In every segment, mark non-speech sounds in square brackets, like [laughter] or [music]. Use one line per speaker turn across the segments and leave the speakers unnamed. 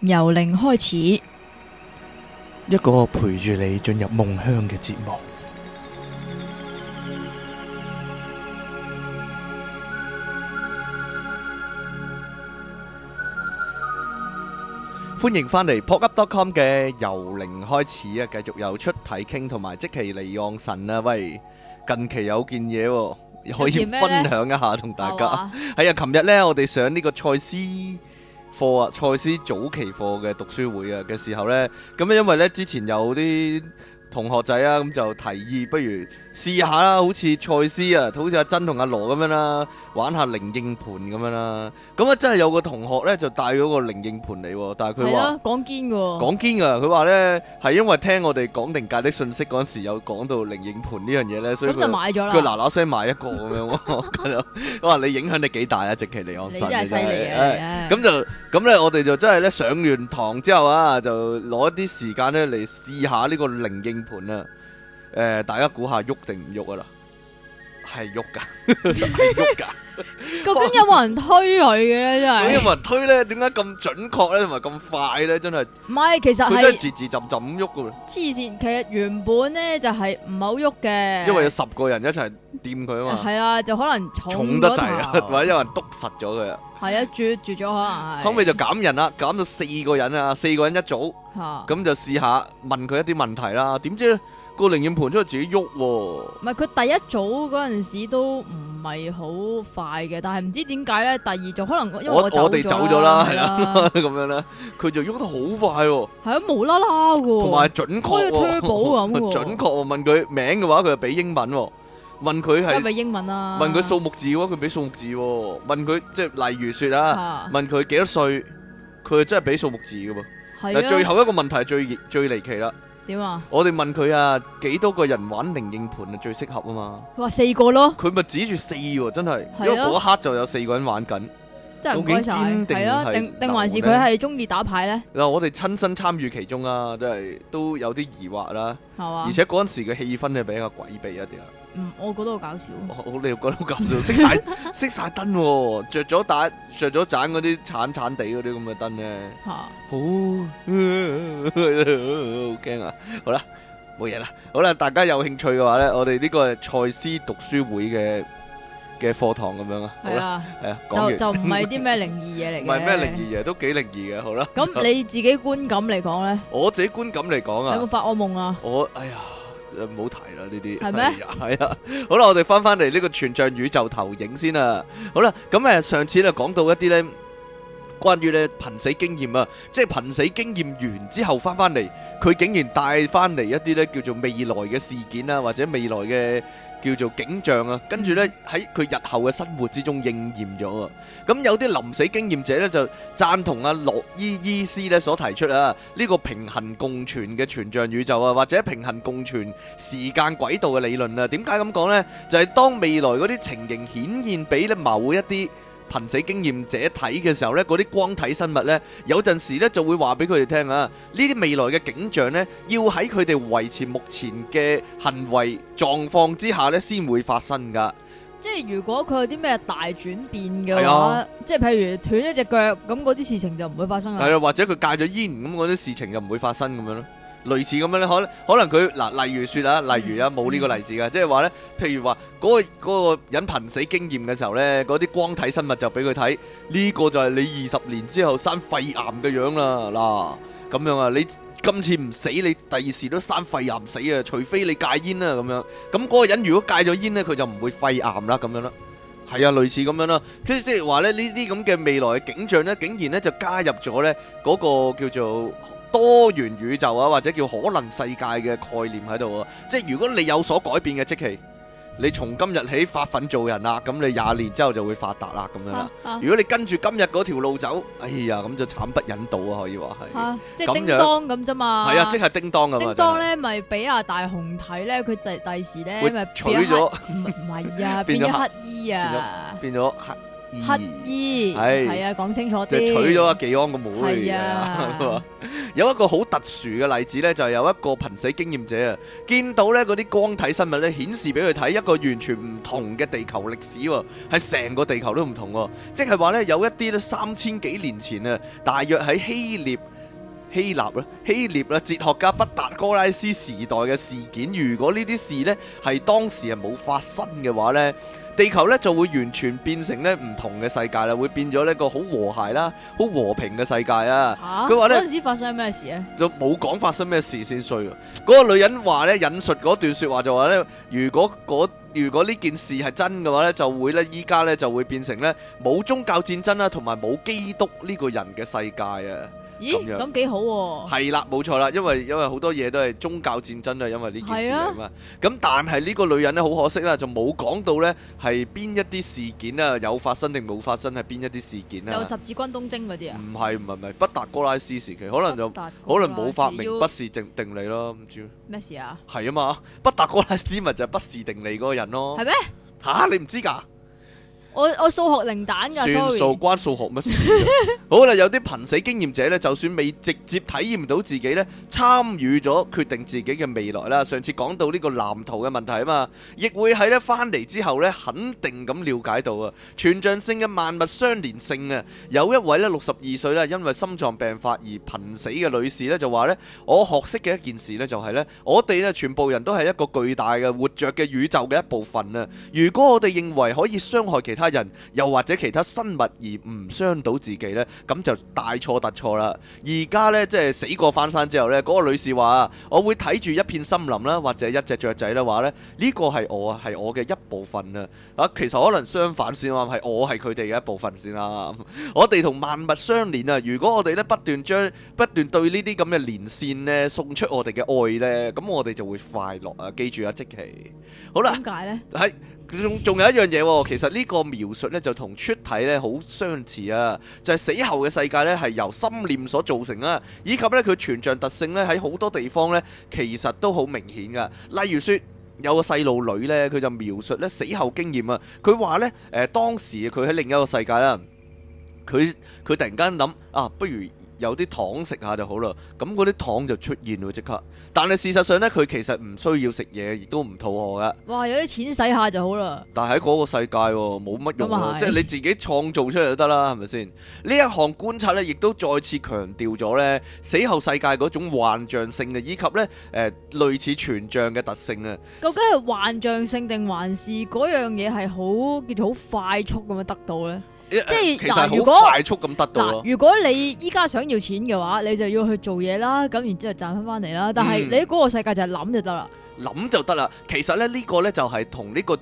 由零開始，
一個陪住你進入夢鄉嘅節目。歡迎翻嚟 PodUp.com 嘅由零開始啊！繼續由出體傾同埋即期利用神啊！喂，近期有件嘢可以分享一下同大家。係啊，琴日咧我哋上呢個賽斯。課啊，賽斯早期課嘅讀書會啊嘅時候呢，咁因為呢之前有啲。同學仔啊，咁就提議，不如試下啦，好似蔡思啊，好似阿珍同阿羅咁樣啦，玩下零應盤咁樣啦。咁啊真係有個同學咧，就帶咗個零應盤嚟，但係佢話
講堅嘅，講
堅嘅。佢話咧係因為聽我哋講定價的信息嗰陣時，有講到零應盤呢樣嘢咧，所以佢就咗佢嗱嗱聲買一個咁樣喎。係咯， [laughs] [laughs] 話你影響力幾大啊？直其嚟安神，犀利咁就咁咧，我哋就真係咧上完堂之後啊，就攞一啲時間咧嚟試下呢個零應。盤啊，誒、呃，大家估下喐定唔喐㗎喇？係喐噶，係喐噶。
[laughs] 究竟有冇人推佢嘅咧？真係有冇
人推咧？點解咁準確咧？同埋咁快咧？真係
唔係，其實佢都係字
字浸浸咁喐噶。
黐綫，其實原本咧就係唔好喐嘅，因為
有十個人一齊掂佢啊嘛。係
[laughs] 啊，就可能重得滯啊， [laughs] 或
者有人督實咗佢。 [laughs] 啊！
係啊，住住咗可能
係。後尾就減人啦，減到四個人啊，四個人一組。咁 [laughs] 就試下問佢一啲問題啦。點知個靈驗盤出嚟自己喐？唔
係，佢第一組嗰陣時都唔。係好快嘅，但係唔知點解咧？第二就可能因為我哋走咗啦，係啦
咁樣咧，佢就喐得好快喎、啊，
係啊,啊,啊,啊，無啦啦喎，同埋準確喎，準確
喎。問佢名嘅話，佢就俾英文喎。問佢係係咪
英文啊？問佢數、
啊、目字嘅話，佢俾數目字、啊。問佢即係例如說啊， [laughs] 問佢幾多歲，佢真係俾數目字噶、啊。
嗱，是啊、最後一
個問題最最離奇啦。點啊！我哋問佢啊，幾多個人玩靈應盤啊最適合啊嘛？
佢話四個咯，
佢咪指住四喎、啊，真係，啊、因為嗰一刻就有四個人玩緊，真係好該晒，係咯堅定、啊，定定還是佢係
中意打牌咧？
嗱、啊，我哋親身參與其中啊，真、就、係、是、都有啲疑惑啦，啊、而且嗰陣時嘅氣氛就比較詭異一啲。唔，我覺得好搞笑。我好你又覺得好搞笑，熄曬熄曬燈喎，著咗打著咗盞嗰啲橙橙地嗰啲咁嘅燈咧
嚇，
好好驚啊！好啦，冇嘢啦，好啦，大家有興趣嘅話咧，我哋呢個賽斯讀書會嘅嘅課堂咁樣啊，係啊，係啊，就就唔係
啲咩靈異嘢嚟嘅，唔係咩靈異
嘢，都幾靈異嘅，好啦。咁你
自己觀感嚟講咧，
我自己觀感嚟講啊，有冇發惡夢啊？我哎呀～唔好提啦呢啲，係咩嗎？係啊，啊，啊，好啦，我哋翻翻嚟呢個全像宇宙投影先啦，好啦，咁誒上次咧講到一啲咧。關於咧瀕死經驗啊，即係瀕死經驗完之後翻翻嚟，佢竟然帶翻嚟一啲咧叫做未來嘅事件啊，或者未來嘅叫做景象啊，跟住呢，喺佢日後嘅生活之中應驗咗啊。咁有啲臨死經驗者呢，就贊同阿、啊、羅伊伊斯呢所提出啊呢、這個平衡共存嘅全像宇宙啊，或者平衡共存時間軌道嘅理論啊。點解咁講呢？就係、是、當未來嗰啲情形顯現俾某一啲。憑死經驗者睇嘅時候呢，嗰啲光體生物呢，有陣時呢就會話俾佢哋聽啊，呢啲未來嘅景象呢，要喺佢哋維持目前嘅行為狀況之下呢，先會發生㗎。即
係如果佢有啲咩大轉變嘅話，啊、即係譬如斷咗隻腳，咁嗰啲事情就唔會發生啊。係啊，
或者佢戒咗煙，咁嗰啲事情就唔會發生咁樣咯。類似咁樣咧，可可能佢嗱，例如說啊，例如啊，冇呢個例子嘅，即係話咧，譬如話嗰個嗰個人瀕死經驗嘅時候咧，嗰啲光體生物就俾佢睇，呢個就係你二十年之後生肺癌嘅樣啦，嗱咁樣啊，你今次唔死，你第二時都生肺癌死啊，除非你戒煙啊，咁樣，咁嗰個人如果戒咗煙咧，佢就唔會肺癌啦，咁樣啦，係啊，類似咁樣啦，即即係話咧呢啲咁嘅未來嘅景象咧，竟然咧就加入咗咧嗰個叫做。多元宇宙啊，或者叫可能世界嘅概念喺度啊，即係如果你有所改變嘅，即係你從今日起發奮做人啦，咁你廿年之後就會發達啦咁樣啦。啊、如果你跟住今日嗰條路走，哎呀咁就慘不忍睹啊，可以話係。即係叮當
咁啫嘛。係啊，即
係叮當咁樣。叮當
咧咪俾阿大雄睇咧，佢第第時咧咪娶咗。唔係啊，的變咗乞 [laughs] 衣啊，變咗。變乞衣，係係啊，講清楚啲。就娶咗
阿紀安個妹，妹。係是啊， [laughs] 有一個好特殊嘅例子咧，就係有一個瀕死經驗者啊，見到咧嗰啲光體生物咧顯示俾佢睇一個完全唔同嘅地球歷史喎，係成個地球都唔同喎，即係話咧有一啲咧三千幾年前啊，大約喺希臘、希臘啦、希臘啦，哲學家畢達哥拉斯時代嘅事件，如果呢啲事呢係當時係冇發生嘅話呢。地球咧就會完全變成咧唔同嘅世界啦，會變咗一個好和諧啦、好和平嘅世界啊！佢話咧嗰陣時
發生咩事咧？
就冇講發生咩事先衰喎。嗰、嗰個女人話咧引述嗰段説話就話咧，如果如果呢件事係真嘅話咧，就會咧依家咧就會變成咧冇宗教戰爭啦，同埋冇基督呢個人嘅世界啊！
咦，咁幾好喎？係啦，
冇錯啦，因為因為好多嘢都係宗教戰爭啊，因為呢件事啊嘛。咁但係呢個女人咧，好可惜啦，就冇講到咧係邊一啲事件啊，有發生定冇發生係邊一啲事件咧？有十
字軍東征嗰啲啊？唔
係唔係唔係，畢達哥拉斯時期，可能就可能冇發明畢氏定定理咯，唔知咩事啊？係啊嘛，畢達哥拉斯咪就係畢氏定理嗰個人咯，係咩？吓，你唔知噶？
我我數學零蛋噶，算數
關數學乜事啊？好啦，有啲瀕死經驗者咧，就算未直接體驗到自己咧，參與咗決定自己嘅未來啦。上次講到呢個藍圖嘅問題啊嘛，亦會喺咧翻嚟之後咧，肯定咁了解到啊，全像性嘅萬物相連性啊。有一位咧六十二歲咧，因為心臟病發而瀕死嘅女士咧，就話咧，我學識嘅一件事咧，就係咧，我哋咧全部人都係一個巨大嘅活着嘅宇宙嘅一部分啊。如果我哋認為可以傷害其他。人又或者其他生物而唔傷到自己呢，咁就大錯特錯啦。而家呢，即係死過翻生之後呢，嗰個女士話我會睇住一片森林啦，或者一隻雀仔啦，話呢，呢個係我，係我嘅一部分啊。啊，其實可能相反先話係我係佢哋嘅一部分先啦。 [laughs] 我哋同萬物相連啊。如果我哋呢不斷將不斷對呢啲咁嘅連線呢送出我哋嘅愛呢，咁我哋就會快樂啊。記住啊，即其好啦，點解呢？係。仲仲有一樣嘢喎，其實呢個描述呢就同出體呢好相似啊，就係死後嘅世界呢係由心念所造成啦。以及呢，佢全像特性呢喺好多地方呢其實都好明顯噶。例如說有個細路女呢，佢就描述呢死後經驗啊。佢話呢誒，當時佢喺另一個世界啦，佢佢突然間諗啊，不如。有啲糖食下就好啦，咁嗰啲糖就出現啦即刻。但係事實上咧，佢其實唔需要食嘢，亦都唔肚餓噶。
哇！有啲錢使下就好啦。
但係喺嗰個世界冇、啊、乜用、啊、哇 即係你自己創造出嚟就得啦，係咪先？呢 [laughs] 一項觀察咧，亦都再次強調咗咧，死後世界嗰種幻象性嘅，以及咧誒、呃、類似全像嘅特性啊。
究竟係幻象性定還是嗰樣嘢係好叫做好快速咁樣得到咧？即係、嗯，其實好快
速咁得到。如
果你依家想要錢嘅話，你就要去做嘢啦，咁然之後賺翻翻嚟啦。但係你喺嗰個世界就係諗就得啦，
諗就得啦。其實咧呢個咧就係同呢個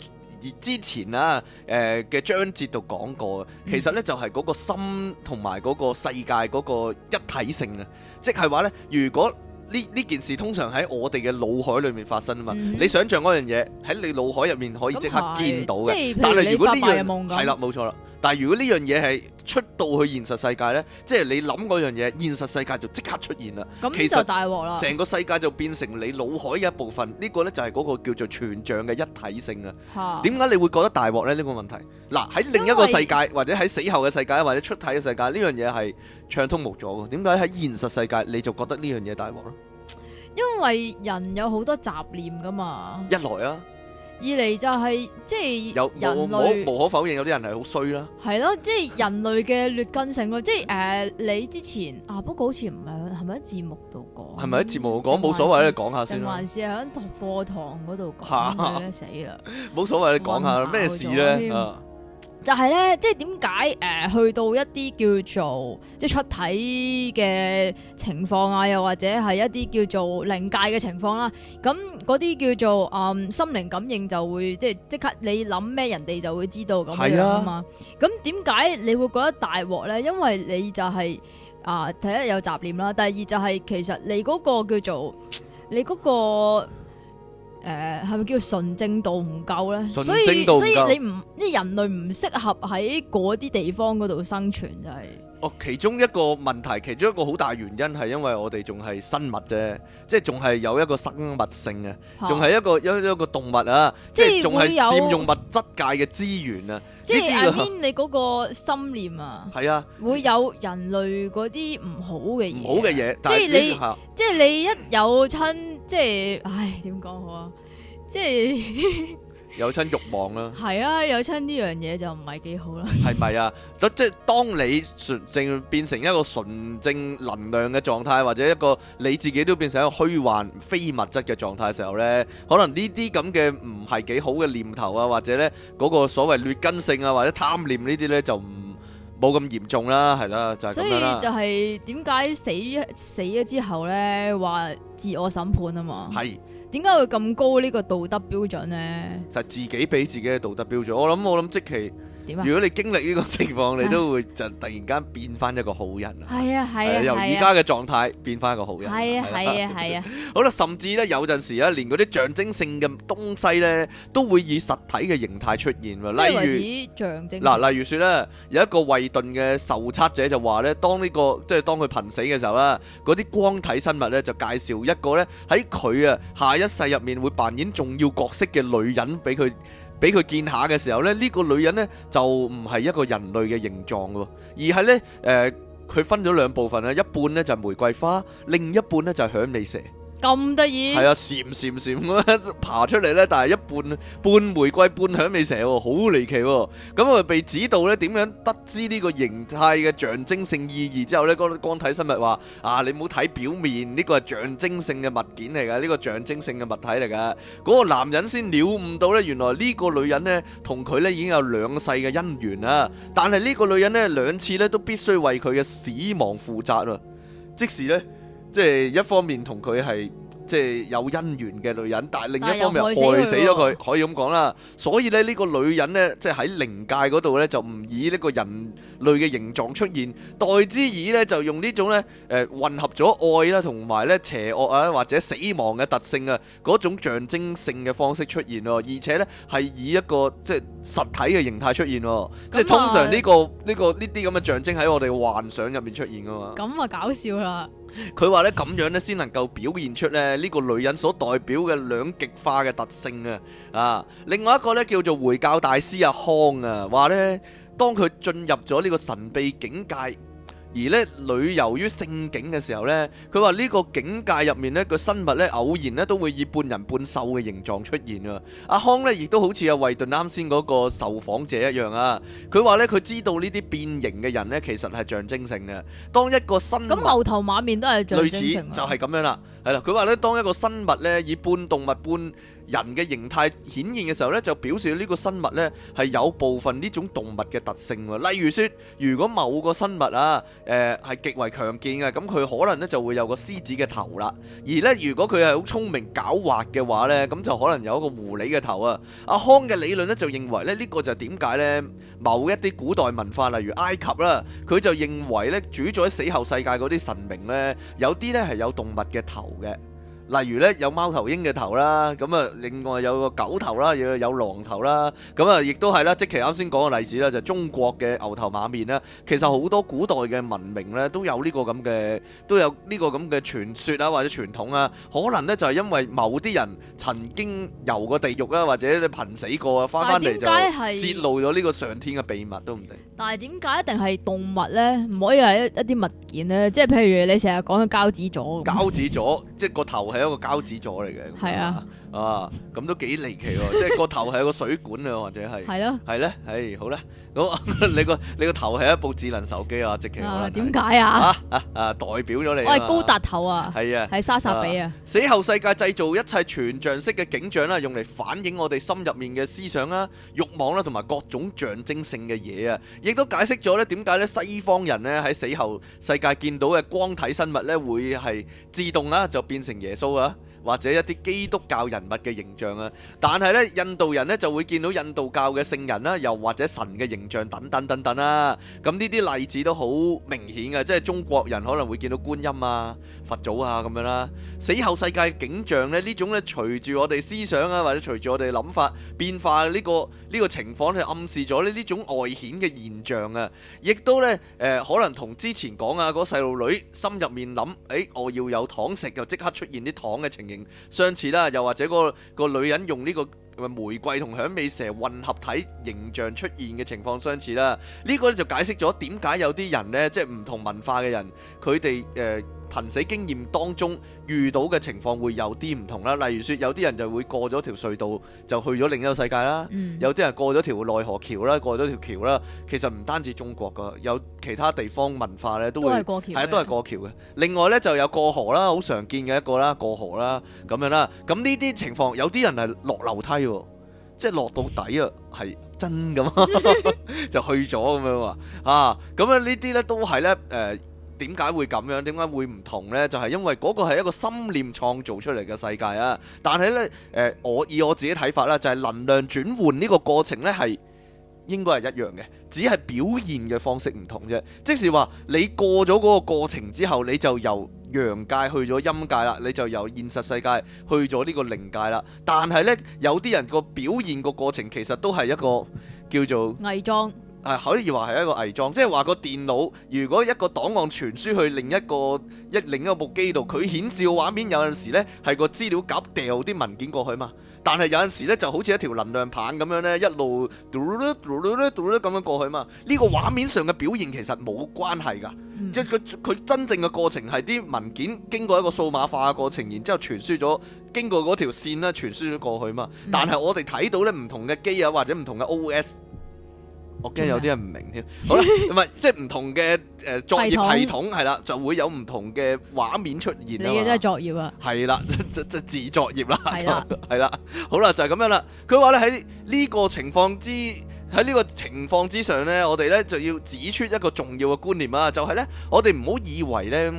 之前啊誒嘅章節度講過。其實咧就係嗰個心同埋嗰個世界嗰個一體性啊，即係話咧，如果呢呢件事通常喺我哋嘅腦海裏面發生啊嘛，嗯、你想象嗰樣嘢喺你腦海入面可以即刻見到嘅、嗯。即係，但係如果呢樣係啦，冇錯啦。但係如果呢樣嘢係出到去現實世界呢，即係你諗嗰樣嘢，現實世界就即刻出現啦。咁其實大鑊啦！成個世界就變成你腦海嘅一部分，呢個呢，就係嗰個叫做全像嘅一體性啊。哈！點解你會覺得大鑊呢？呢個問題。嗱，喺另一個世界，或者喺死後嘅世界，或者出體嘅世界，呢樣嘢係暢通無阻嘅。點解喺現實世界你就覺得呢樣嘢大鑊咧？
因為人有好多雜念噶嘛。一來啊。二嚟就係，是，即係有人類有無，無，無
可否認有啲人係好衰啦，
係咯，即係人類嘅劣根性咯， [laughs] 即係誒，呃、你之前啊，不過好似唔係，係咪喺節目度講？係咪喺節目度講？冇所謂，你講下先啦。還是係響課堂嗰度講，死啦！
冇所謂，你講下咩事咧？嗯。
就係咧，即係點解誒去到一啲叫做即係出體嘅情況啊，又或者係一啲叫做靈界嘅情況啦。咁嗰啲叫做嗯心靈感應就會即係即刻你諗咩人哋就會知道咁樣啊嘛。咁點解你會覺得大鑊咧？因為你就係啊，第一有雜念啦，第二就係其實你嗰個叫做你嗰個。誒，係咪、uh, 叫純正度唔夠咧？所以所以你唔，即、就是、人類唔適合喺嗰啲地方嗰度生存就係、是。
哦，其中一個問題，其中一個好大原因係因為我哋仲係生物啫，即係仲係有一個生物性啊，仲係一個一一個動物啊，即係仲係佔用物質界嘅資源啊。即係入邊
你嗰個心念啊，係啊，會有人類嗰啲唔好嘅嘢，啊，唔好嘅嘢，即係你，你啊，即係你一有親，即係，唉，點講好啊？即係。 [laughs]
有親欲望啦，
係啊，有親呢樣嘢就唔係幾好啦。係
咪啊？即係當你純正變成一個純正能量嘅狀態，或者一個你自己都變成一個虛幻非物質嘅狀態嘅時候咧，可能呢啲咁嘅唔係幾好嘅念頭啊，或者咧嗰個所謂劣根性啊，或者貪念呢啲咧就唔冇咁嚴重啦，係啦，就係咁樣啦，就所以就
係點解死死咗之後咧，話自我審判啊嘛？係。點解會咁高呢個道德標準咧？就
係自己俾自己嘅道德標準。我諗我諗即期。如果你經歷呢個情況， [laughs] 你都會就突然間變翻一個好人
啊！係啊，係啊，由而家嘅
狀態變翻一個好人。係 [laughs] 啊，係啊，係啊。啊啊啊 [laughs] 好啦，甚至咧有陣時咧，連嗰啲象徵性嘅東西咧，都會以實體嘅形態出現喎。例如，
象徵嗱、呃，例
如説咧，有一個惠頓嘅受測者就話咧，當呢、這個即係當佢瀕死嘅時候啦，嗰啲光體生物咧就介紹一個咧喺佢啊下一世入面會扮演重要角色嘅女人俾佢。俾佢見下嘅時候咧，呢、呢個女人咧就唔係一個人類嘅形狀喎，而係咧誒佢分咗兩部分咧，一半咧就係玫瑰花，另一半咧就係響尾蛇。
咁得意係啊，
閃閃閃咁樣爬出嚟咧，但係一半半玫瑰，半響尾蛇，好離奇啊。咁啊被指導咧，點樣得知呢個形態嘅象徵性意義之後咧？嗰啲光體生物話：啊，你冇睇表面，呢個係象徵性嘅物件嚟噶，呢個象徵性嘅物體嚟噶。嗰個男人先了悟到咧，原來呢個女人咧同佢咧已經有兩世嘅姻緣啦！但係呢個女人咧兩次咧都必須為佢嘅死亡負責啊！即時咧。即係一方面同佢係即係有姻緣嘅女人，但係另一方面死害死咗佢，可以咁講啦。所以咧呢個女人呢，即係喺靈界嗰度呢，就唔以呢個人類嘅形狀出現。代之以呢，就用呢種呢誒、呃、混合咗愛啦、啊，同埋呢邪惡啊或者死亡嘅特性啊嗰種象徵性嘅方式出現咯、啊。而且呢，係以一個即係實體嘅形態出現咯、啊。啊、即係通常呢、這個呢、這個呢啲咁嘅象徵喺我哋幻想入面出現噶
嘛、啊。咁啊搞笑啦！
佢話咧咁樣咧，先能夠表現出咧呢個女人所代表嘅兩極化嘅特性啊。啊，另外一個咧，叫做回教大師阿康啊，話咧，當佢進入咗呢個神秘境界。而咧，旅遊於聖境嘅時候咧，佢話呢個境界入面咧，個生物咧，偶然咧都會以半人半獸嘅形狀出現啊！阿康咧亦都好似阿惠頓啱先嗰個受訪者一樣啊！佢話咧，佢知道呢啲變形嘅人咧，其實係象徵性嘅，當一個
生物咁牛頭馬面都係象徵性嘅，類似
就係咁樣啦，係啦。佢話咧，當一個生物咧，以半動物半人嘅形態顯現嘅時候咧，就表示呢個生物咧係有部分呢種動物嘅特性喎。例如說，如果某個生物啊，誒、呃、係極為強健嘅，咁佢可能咧就會有個獅子嘅頭啦。而咧，如果佢係好聰明狡猾嘅話咧，咁就可能有一個狐狸嘅頭啊。阿康嘅理論咧就認為咧，呢個就點解咧？某一啲古代文化，例如埃及啦，佢就認為咧，主宰死後世界嗰啲神明咧，有啲咧係有動物嘅頭嘅。例如咧有貓頭鷹嘅頭啦，咁啊另外有個狗頭啦，又有狼頭啦，咁啊亦都係啦，即係啱先講嘅例子啦，就中國嘅牛頭馬面啦。其實好多古代嘅文明咧都有呢個咁嘅都有呢個咁嘅傳說啊或者傳統啊，可能咧就係因為某啲人曾經遊過地獄啦，或者你瀕死過啊，翻翻嚟就洩露咗呢個上天嘅秘密都唔定。
但係點解一定係動物咧？唔可以係一啲物件咧？即係譬如你成日講嘅膠紙座膠
紙座，即係個頭。係一個膠紙座嚟嘅。係 [laughs] 啊。啊，咁都幾離奇喎、啊！ [laughs] 即係個頭係個水管啊，或者係係咯，係咧， [laughs] 唉，好啦，咁 [laughs] 你個你個頭係一部智能手機啊，直情啊，點解啊？啊？啊啊，代表咗你，喂，高達
頭啊，係的啊，係莎莎比啊。
死後世界製造一切全像式嘅景象啦、啊，用嚟反映我哋心入面嘅思想啦、啊、慾望啦、啊，同埋各種象徵性嘅嘢啊，亦都解釋咗咧點解咧西方人咧、啊、喺死後世界見到嘅光體生物咧、啊、會係自動啦、啊，就變成耶穌啊！或者一啲基督教人物嘅形象啊，但係咧，印度人咧就會見到印度教嘅聖人啦，又或者神嘅形象等等等等啊，咁呢啲例子都好明顯噶，即係中國人可能會見到觀音啊、佛祖啊咁樣啦。死後世界嘅景象咧，呢種咧隨住我哋思想啊，或者隨住我哋諗法變化呢個呢個情況，就暗示咗呢呢種外顯嘅現象啊，亦都咧誒可能同之前講啊，個細路女心入面諗，誒我要有糖食，又即刻出現啲糖嘅情形。相似啦，又或者個個女人用呢個玫瑰同響尾蛇混合體形象出現嘅情況相似啦，呢個咧就解釋咗點解有啲人呢，即係唔同文化嘅人佢哋誒。瀕死經驗當中遇到嘅情況會有啲唔同啦，例如說有啲人就會過咗條隧道就去咗另一個世界啦，嗯、有啲人過咗條奈何橋啦，過咗條橋啦，其實唔單止中國㗎，有其他地方文化咧都會，係都係過橋嘅。橋另外咧就有過河啦，好常見嘅一個啦，過河啦咁樣啦。咁呢啲情況有啲人係落樓梯喎，即係落到底啊，係 [laughs] 真咁 [laughs] 就去咗咁樣喎啊！咁啊呢啲咧都係咧誒。呃呃點解會咁樣？點解會唔同呢？就係因為嗰個係一個心念創造出嚟嘅世界啊！但係呢，誒、呃，我以我自己睇法啦，就係能量轉換呢個過程呢，係應該係一樣嘅，只係表現嘅方式唔同啫。即是話你過咗嗰個過程之後，你就由陽界去咗陰界啦，你就由現實世界去咗呢個靈界啦。但係呢，有啲人個表現個過程其實都係一個叫做偽裝。啊，jadi, 可以話係一個偽裝，即係話個電腦，如果一個檔案傳輸去另一個一另一部機度，佢顯示嘅畫面有陣時呢係個資料夾掉啲文件過去嘛，但係有陣時呢就好似一條能量棒咁樣呢，一路嘟嘟嘟嘟咁樣過去嘛。呢、這個畫面上嘅表現其實冇關係㗎，即係佢佢真正嘅過程係啲文件經過一個數碼化嘅過程，然之後傳輸咗，經過嗰條線啦、啊、傳輸咗過去嘛。但係我哋睇到呢唔同嘅機啊或者唔同嘅 OS。我驚有啲人唔明添。 [laughs] 好啦，唔係即係唔同嘅誒作業系統係啦統，就會有唔同嘅畫面出現啊嘛。
你
嘅係作業啊，係啦，即即自作業啦。係啦 [laughs] 了，好啦，就係咁樣啦。佢話咧，喺呢個情況之喺呢個情況之上咧，我哋咧，就要指出一個重要嘅觀念啊，就係咧，我哋唔好以為咧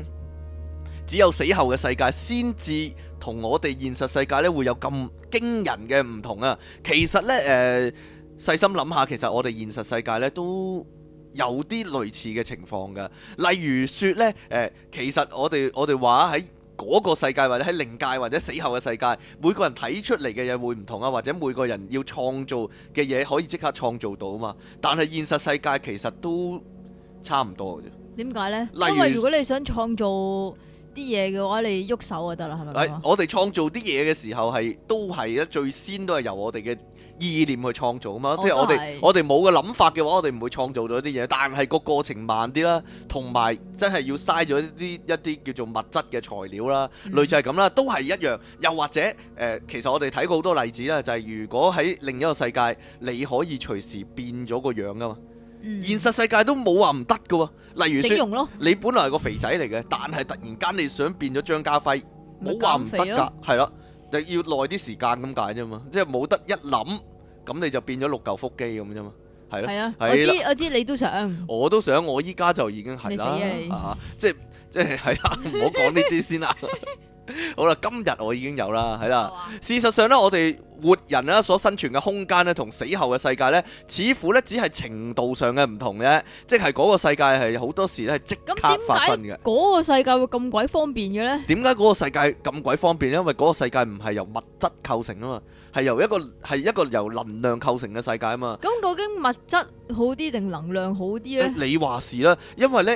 只有死後嘅世界先至同我哋現實世界咧會有咁驚人嘅唔同啊。其實咧誒。呃細心諗下，其實我哋現實世界咧都有啲類似嘅情況嘅。例如説咧，誒、呃，其實我哋我哋話喺嗰個世界，或者喺靈界，或者死後嘅世界，每個人睇出嚟嘅嘢會唔同啊，或者每個人要創造嘅嘢可以即刻創造到啊嘛。但係現實世界其實都差唔多嘅啫。
點解咧？例如，因為如果你想創造啲嘢嘅話，你喐手就得啦，係咪？
我哋創造啲嘢嘅時候係都係咧，最先都係由我哋嘅，意念去創造啊嘛，哦、即係我哋是我哋冇嘅諗法嘅話，我哋唔會創造到啲嘢。但係個過程慢啲啦，同埋真係要嘥咗一啲一啲叫做物質嘅材料啦，嗯、類似係咁啦，都係一樣。又或者誒、呃，其實我哋睇過好多例子啦，就係、是、如果喺另一個世界，你可以隨時變咗個樣㗎嘛。嗯、現實世界都冇話唔得嘅喎，例如説，你本來係個肥仔嚟嘅，但係突然間你想變咗張家輝，冇話唔得㗎，係咯、嗯。就要耐啲時間咁解啫嘛，即係冇得一諗，咁你就變咗六嚿腹肌咁啫嘛，係咯、係啊啦，我知我
知你都想，
我都想，我依家就已經係啦，啊，即係即係係啦，唔好講呢啲先啦， [laughs] 好啦，今日我已經有啦，係啦，啊、事實上咧，我哋。活人啦，所生存嘅空間咧，同死後嘅世界咧，似乎咧只係程度上嘅唔同嘅，即係嗰個世界係好多時咧係即刻發生嘅。點解
嗰個世界會咁鬼方便嘅咧？
點解嗰個世界咁鬼方便咧？因為嗰個世界唔係由物質構成啊嘛，係由一個係一個由能量構成嘅世界啊嘛。
咁究竟物質好啲定能量好啲咧？你
話事啦，因為咧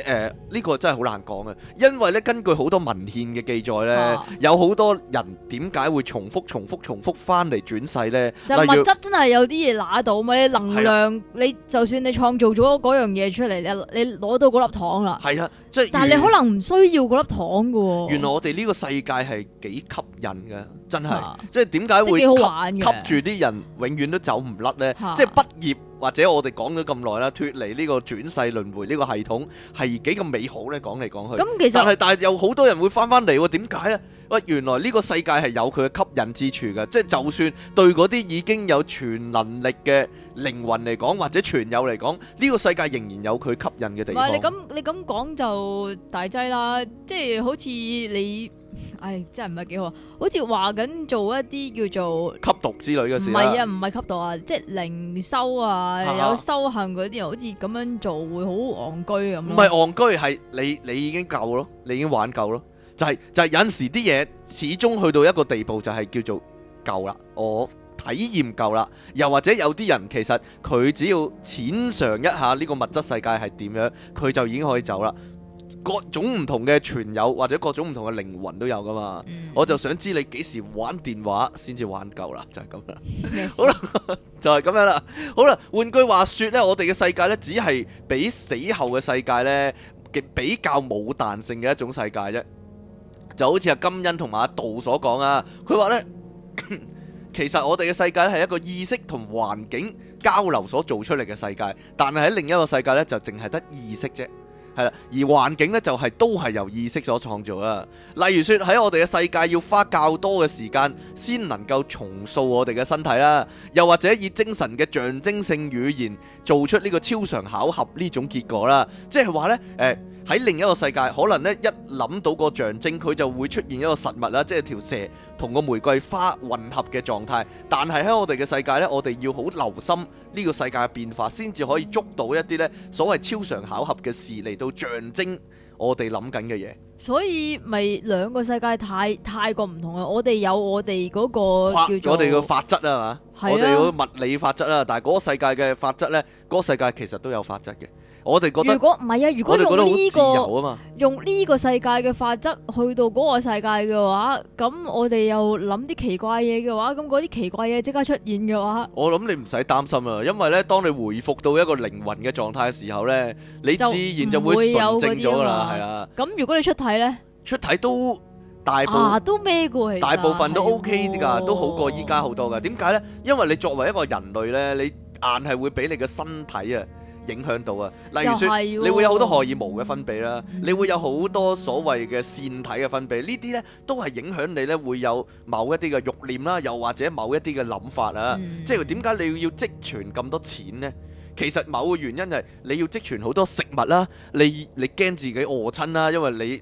誒呢個真係好難講嘅，因為咧根據好多文獻嘅記載咧，有好多人點解會重複、重複、重複翻嚟。轉世咧，就係物質
真係有啲嘢攞到嘛？你能量，啊、你就算你創造咗嗰樣嘢出嚟，你你攞到嗰粒糖啦。係啊，即、就、係、是。但係你可能唔需要嗰粒糖嘅喎、哦。原
來我哋呢個世界係幾吸引嘅，真係，啊、即係點解會吸，好玩吸住啲人永遠都走唔甩咧？啊、即係畢業，或者我哋講咗咁耐啦，脱離呢個轉世輪迴呢個系統係幾咁美好呢？講嚟講去，但係其實但係有好多人會翻翻嚟喎？點解呢？喂，原來呢個世界係有佢嘅吸引之處嘅，即係就算對嗰啲已經有全能力嘅靈魂嚟講，或者全有嚟講，呢個世界仍然有佢吸引嘅地方。你咁
你咁講就大劑啦，即係好似你。唉、哎，真係唔係幾好，好似話緊做一啲叫做吸
毒之類嘅事唔、啊、係啊，
唔係吸毒啊，即係靈修啊，有修行嗰啲，好似咁樣做會好昂居咁。唔係
昂居，係你你已經夠咯，你已經玩夠咯。就係、是、就係、是、有陣時啲嘢始終去到一個地步，就係叫做夠啦。我體驗夠啦。又或者有啲人其實佢只要淺嘗一下呢個物質世界係點樣，佢就已經可以走啦。各種唔同嘅存有或者各種唔同嘅靈魂都有噶嘛，mm hmm. 我就想知你幾時玩電話先至玩夠啦，就係咁啦。好啦，就係咁樣啦。好啦，換句話説呢，我哋嘅世界呢，只係比死後嘅世界呢，極比較冇彈性嘅一種世界啫。就好似阿金恩同埋阿杜所講啊，佢話呢， [laughs] 其實我哋嘅世界係一個意識同環境交流所做出嚟嘅世界，但係喺另一個世界呢，就淨係得意識啫。而環境呢，就係都係由意識所創造啊。例如說喺我哋嘅世界要花較多嘅時間先能夠重塑我哋嘅身體啦，又或者以精神嘅象徵性語言做出呢個超常巧合呢種結果啦。即係話呢，誒、呃、喺另一個世界可能呢一諗到個象徵佢就會出現一個實物啦，即係條蛇。同個玫瑰花混合嘅狀態，但係喺我哋嘅世界呢，我哋要好留心呢個世界嘅變化，先至可以捉到一啲呢所謂超常巧合嘅事嚟到象徵我哋諗緊嘅嘢。
所以咪兩個世界太太過唔同啦。我哋有我哋嗰個叫做我哋嘅
法則啊嘛，我哋個物理法則啦。啊、但係嗰個世界嘅法則呢，嗰、嗰個世界其實都有法則嘅。我哋覺得，如果
唔係啊，如果用呢個用呢個世界嘅法則去到嗰個世界嘅話，咁我哋又諗啲奇怪嘢嘅話，咁嗰啲奇怪嘢即刻出現嘅話，
我諗你唔使擔心啊，因為咧，當你回復到一個靈魂嘅狀態嘅時候咧，你自然就會純淨咗噶啦，係啊。
咁如果你出體咧？
出體都大部啊，
都咩過嚟？大
部分都 OK 㗎，都好過依家好多㗎。點解咧？因為你作為一個人類咧，你硬係會俾你嘅身體啊。影響到啊，例如説，哦、你會有好多荷爾蒙嘅分泌啦，嗯、你會有好多所謂嘅腺體嘅分泌，嗯、呢啲呢都係影響你呢，會有某一啲嘅慾念啦，又或者某一啲嘅諗法啊，即係點解你要要積存咁多錢呢？其實某個原因係你要積存好多食物啦，你你驚自己餓親啦，因為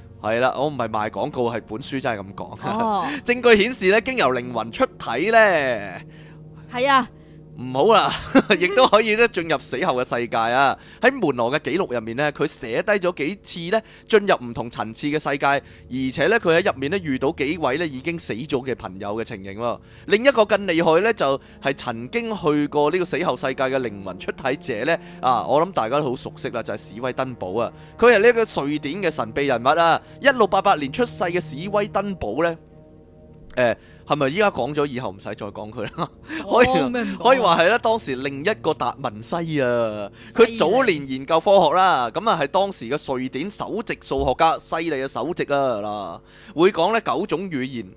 係啦，我唔係賣廣告，係本書真係咁講。哦，oh. [laughs] 證據顯示咧，經由靈魂出體咧，
係啊。
唔好啦，亦都可以咧進入死後嘅世界啊！喺門羅嘅記錄入面呢，佢寫低咗幾次呢，進入唔同層次嘅世界，而且呢，佢喺入面呢遇到幾位呢已經死咗嘅朋友嘅情形咯。另一個更厲害呢，就係曾經去過呢個死後世界嘅靈魂出體者呢。啊！我諗大家都好熟悉啦，就係史威登堡啊！佢係呢個瑞典嘅神秘人物啊！一六八八年出世嘅史威登堡呢。呃係咪依家講咗，以後唔使再講佢啦？可以可以話係啦。當時另一個達文西啊，佢早年研究科學啦，咁啊係當時嘅瑞典首席數學家，犀利嘅首席啊啦，會講咧九種語言，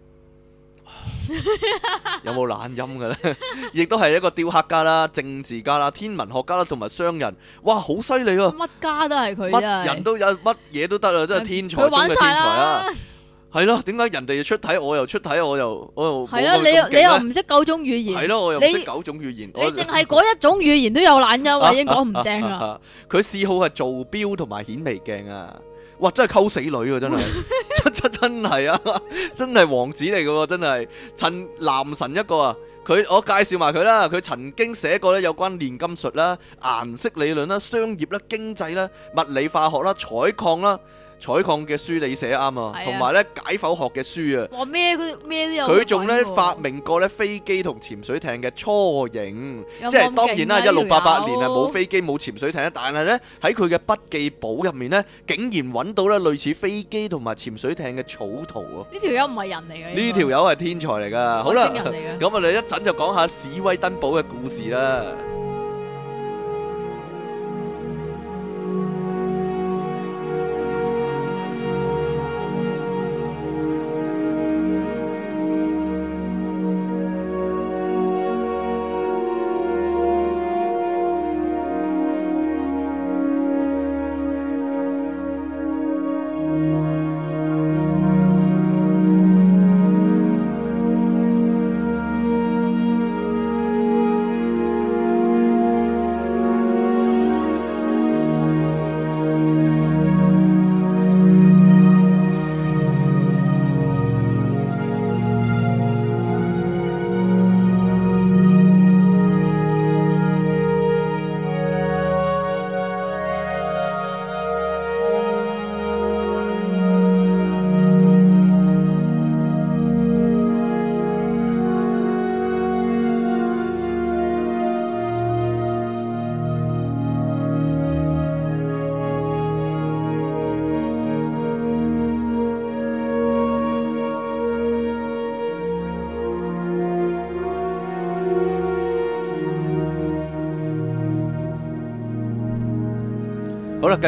有冇懶音嘅咧？亦都係一個雕刻家啦、政治家啦、天文學家啦，同埋商人。哇，好犀利喎！
乜家都係佢，乜人
都有，乜嘢都得啊，真係天才中嘅天才啊！係咯，點解人哋出體我又出體，我又我又係啦，你又你又唔
識九種語言，係咯、 [laughs] 啊、我又唔識九
種語言，你淨係
嗰一種語言都有懶噶，話英講唔正啊！
佢嗜好係造表同埋顯微鏡啊！哇，真係溝死女啊！真係， [laughs] 真真真係啊！真係王子嚟噶，真係，趁男神一個啊！佢我介紹埋佢啦，佢曾經寫過咧有關煉金術啦、啊、顏色理論啦、啊、商業啦、啊、經濟啦、啊、物理化學啦、啊、採礦啦。採礦嘅書你寫啱，啊，同埋咧解剖學嘅書啊，
咩都有，佢仲咧發
明過咧飛機同潛水艇嘅雛形，有冇啊？即係當然啦，一六八八年啊冇飛機冇潛水艇，但係咧喺佢嘅筆記簿入面咧，竟然揾到咧類似飛機同埋潛水艇嘅草圖啊！呢
條友唔係人嚟嘅，呢
條友係天才嚟噶， [laughs] 好啦，咁 [laughs] 我哋一陣就講下史威登堡嘅故事啦。嗯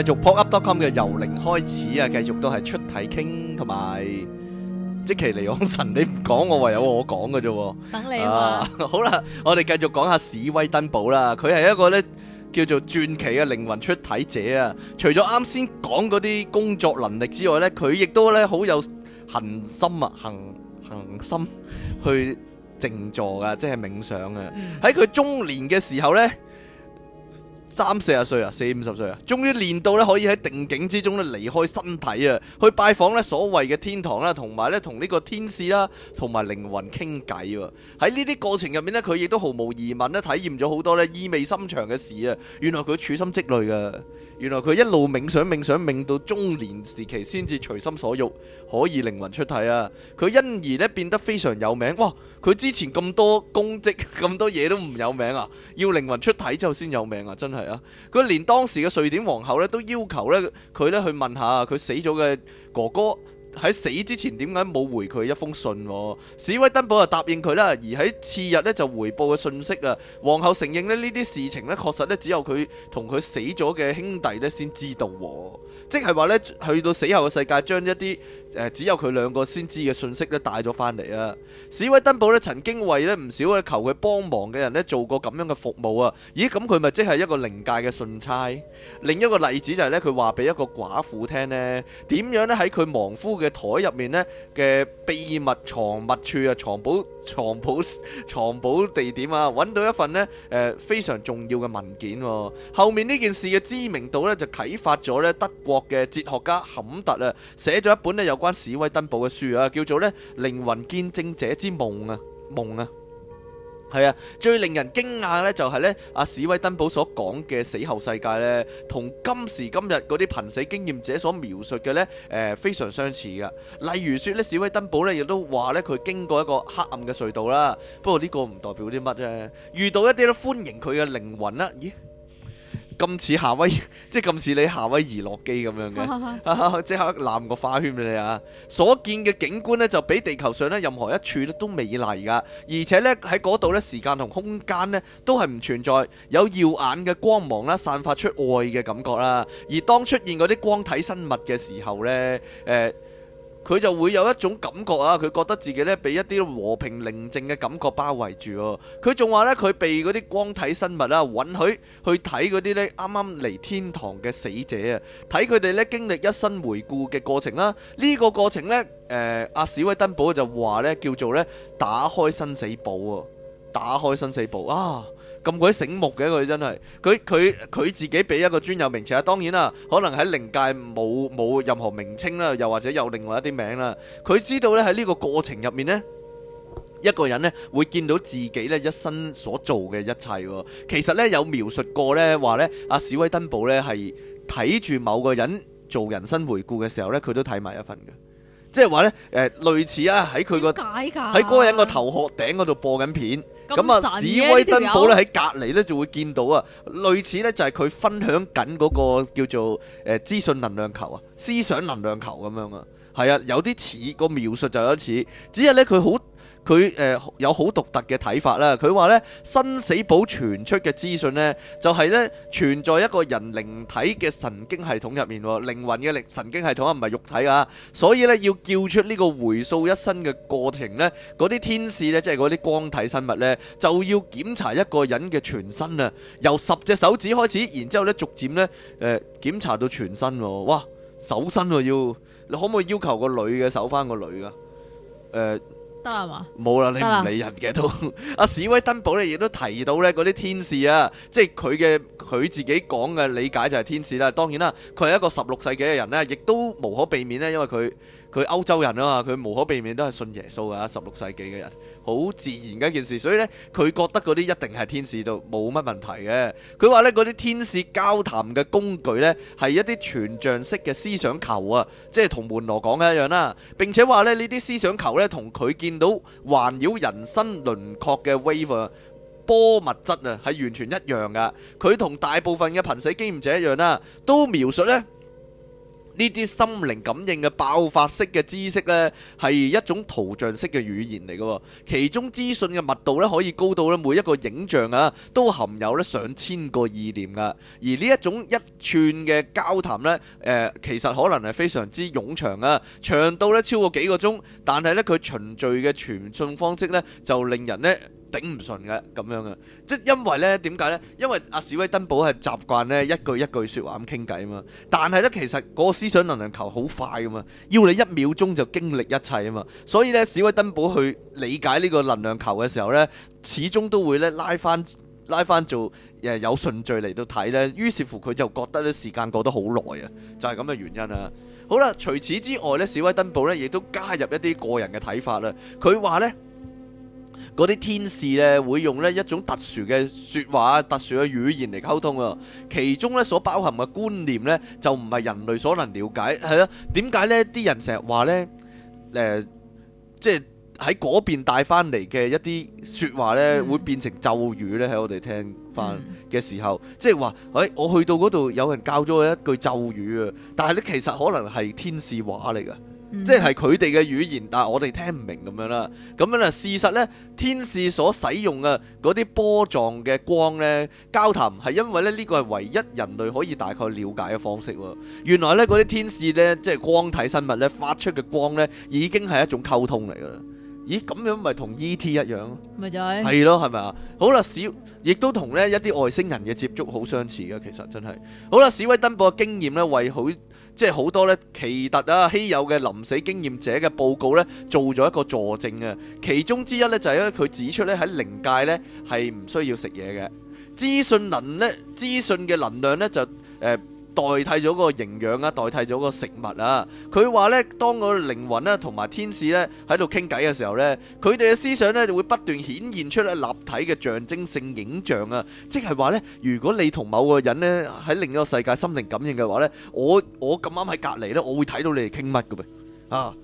繼續 popup.com 嘅由零開始啊，繼續都係出體傾同埋即期嚟講神，你唔講我唯有我講嘅啫。等你嘛，啊，好啦，我哋繼續講下史威登堡啦。佢係一個咧叫做傳奇嘅靈魂出體者啊。除咗啱先講嗰啲工作能力之外咧，佢亦都咧好有恆心啊，恆恆心去靜坐噶，即係冥想啊。喺佢中年嘅時候咧。三四十歲啊，四五十歲啊，終於練到咧可以喺定境之中咧離開身體啊，去拜訪咧所謂嘅天堂啦，同埋咧同呢個天使啦，同埋靈魂傾偈喎。喺呢啲過程入面呢，佢亦都毫無疑問咧體驗咗好多咧意味深長嘅事啊。原來佢處心積慮啊，原來佢一路冥想冥想冥想，冥到中年時期先至隨心所欲可以靈魂出體啊。佢因而咧變得非常有名。哇！佢之前咁多功績咁多嘢都唔有名啊，要靈魂出體之後先有名啊，真係。佢連當時嘅瑞典皇后咧都要求咧，佢咧去問下佢死咗嘅哥哥喺死之前點解冇回佢一封信。史威登堡就答應佢啦，而喺次日咧就回報嘅信息啊。皇后承認咧呢啲事情咧確實咧只有佢同佢死咗嘅兄弟咧先知道，即係話咧去到死後嘅世界將一啲。誒只有佢兩個先知嘅信息咧，帶咗翻嚟啊！《史威登堡》咧曾經為咧唔少嘅求佢幫忙嘅人咧做過咁樣嘅服務啊！咦？咁佢咪即係一個靈界嘅信差？另一個例子就係咧，佢話俾一個寡婦聽呢，點樣咧喺佢亡夫嘅台入面呢嘅秘密藏物處啊，藏寶藏寶藏寶地點啊，揾到一份呢誒非常重要嘅文件。後面呢件事嘅知名度咧就啟發咗咧德國嘅哲學家坎特啊，寫咗一本呢有關。史啊史今今呃《史威登堡》嘅書啊，叫做咧《靈魂見證者之夢》啊，夢啊，係啊，最令人驚訝咧就係咧阿史威登堡所講嘅死後世界咧，同今時今日嗰啲瀕死經驗者所描述嘅咧誒非常相似噶。例如說咧，史威登堡咧亦都話咧佢經過一個黑暗嘅隧道啦，不過呢個唔代表啲乜啫。遇到一啲都歡迎佢嘅靈魂啦，咦？咁似夏威夷，即係咁似你夏威夷落機咁樣嘅，即刻攬個花圈俾你啊！所見嘅景觀呢，就比地球上呢任何一處都美麗噶，而且呢，喺嗰度呢，時間同空間呢，都係唔存在，有耀眼嘅光芒啦，散發出愛嘅感覺啦，而當出現嗰啲光體生物嘅時候呢，誒、呃。佢就會有一種感覺啊！佢覺得自己咧被一啲和平寧靜嘅感覺包圍住哦。佢仲話咧，佢被嗰啲光體生物啊允許去睇嗰啲咧啱啱嚟天堂嘅死者啊，睇佢哋咧經歷一生回顧嘅過程啦。呢個過程咧，誒、阿史威登堡就話咧叫做咧打開生死簿啊，打開生死簿啊！咁鬼醒目嘅佢真係，佢佢佢自己俾一個專有名詞啊！當然啦，可能喺靈界冇冇任何名稱啦，又或者有另外一啲名啦。佢知道咧喺呢個過程入面咧，一個人咧會見到自己咧一生所做嘅一切。其實咧有描述過咧話咧，阿史威登堡咧係睇住某個人做人生回顧嘅時候咧，佢都睇埋一份嘅，即係話咧誒類似啊喺佢個喺嗰個人個頭殼頂嗰度播緊片。咁啊，史威登堡咧喺隔籬咧，就會見到啊，類似咧就係佢分享緊嗰個叫做誒資訊能量球啊，思想能量球咁樣啊，係啊，有啲似個描述就有啲似，只係咧佢好。佢誒、呃、有好獨特嘅睇法啦。佢話呢，生死簿傳出嘅資訊呢，就係、是、咧存在一個人靈體嘅神經系統入面喎。靈魂嘅靈神經系統啊，唔係肉體啊。所以呢，要叫出呢個回溯一生嘅過程呢，嗰啲天使呢，即係嗰啲光體生物呢，就要檢查一個人嘅全身啊，由十隻手指開始，然之後呢，逐漸咧誒、呃、檢查到全身。哇，搜身、啊、要你可唔可以要求個女嘅搜翻個女噶？誒、呃。冇啦，你唔理人嘅都。阿、 [laughs] 啊、史威登堡咧，亦都提到咧嗰啲天使啊，即係佢嘅佢自己講嘅理解就係天使啦、啊。當然啦，佢係一個十六世紀嘅人咧，亦都無可避免咧，因為佢。佢歐洲人啦、啊、嘛，佢無可避免都係信耶穌噶、啊，十六世紀嘅人好自然嘅一件事，所以呢，佢覺得嗰啲一定係天使都冇乜問題嘅。佢話呢，嗰啲天使交談嘅工具呢，係一啲全像式嘅思想球啊，即係同門羅講嘅一樣啦、啊。並且話呢，呢啲思想球呢，同佢見到環繞人身輪廓嘅 wave、啊、波物質啊係完全一樣噶。佢同大部分嘅瀕死經驗者一樣啦、啊，都描述呢。呢啲心靈感應嘅爆發式嘅知識呢，係一種圖像式嘅語言嚟嘅，其中資訊嘅密度呢，可以高到呢每一個影像啊，都含有呢上千個意念㗎。而呢一種一串嘅交談呢，誒、呃、其實可能係非常之冗長啊，長到呢超過幾個鐘，但係呢，佢循序嘅傳訊方式呢，就令人呢，頂唔順嘅咁樣嘅，即係因為呢點解呢？因為阿、啊、史威登堡係習慣呢一句一句説話咁傾偈啊嘛。但係呢，其實嗰個思想能量球好快啊嘛，要你一秒鐘就經歷一切啊嘛。所以呢，史威登堡去理解呢個能量球嘅時候呢，始終都會呢拉翻拉翻做誒、呃、有順序嚟到睇呢。於是乎佢就覺得呢時間過得好耐、就係、啊，就係咁嘅原因啦。好啦，除此之外呢，史威登堡呢亦都加入一啲個人嘅睇法啦。佢話呢。嗰啲天使咧會用呢一種特殊嘅說話、特殊嘅語言嚟溝通啊，其中咧所包含嘅觀念咧就唔係人類所能了解，係啊，點解咧？啲人成日話咧，誒、呃，即係喺嗰邊帶翻嚟嘅一啲說話咧，會變成咒語咧，喺我哋聽翻嘅時候，即係話，誒、哎，我去到嗰度，有人教咗我一句咒語啊，但係咧，其實可能係天使話嚟噶。即係佢哋嘅語言，但係我哋聽唔明咁樣啦。咁樣咧，事實呢，天使所使用嘅嗰啲波狀嘅光呢，交談係因為咧呢個係唯一人類可以大概了解嘅方式喎。原來呢，嗰啲天使呢，即係光體生物呢，發出嘅光呢，已經係一種溝通嚟噶啦。咦，咁樣咪同 E.T. 一樣咯，咪就係係咯，係咪啊？好啦，史亦都同呢一啲外星人嘅接觸好相似嘅，其實真係好啦。史威登堡嘅經驗呢，為好即係好多呢奇特啊稀有嘅臨死經驗者嘅報告呢，做咗一個佐證啊。其中之一呢就係因為佢指出呢喺靈界呢係唔需要食嘢嘅資訊能呢資訊嘅能量呢就誒。代替咗個營養啊，代替咗個食物啊。佢話咧，當個靈魂咧，同埋天使咧，喺度傾偈嘅時候咧，佢哋嘅思想咧，就會不斷顯現出咧立體嘅象徵性影像啊。即係話咧，如果你同某個人咧喺另一個世界心靈感應嘅話咧，我我咁啱喺隔籬咧，我會睇到你哋傾乜嘅噃啊？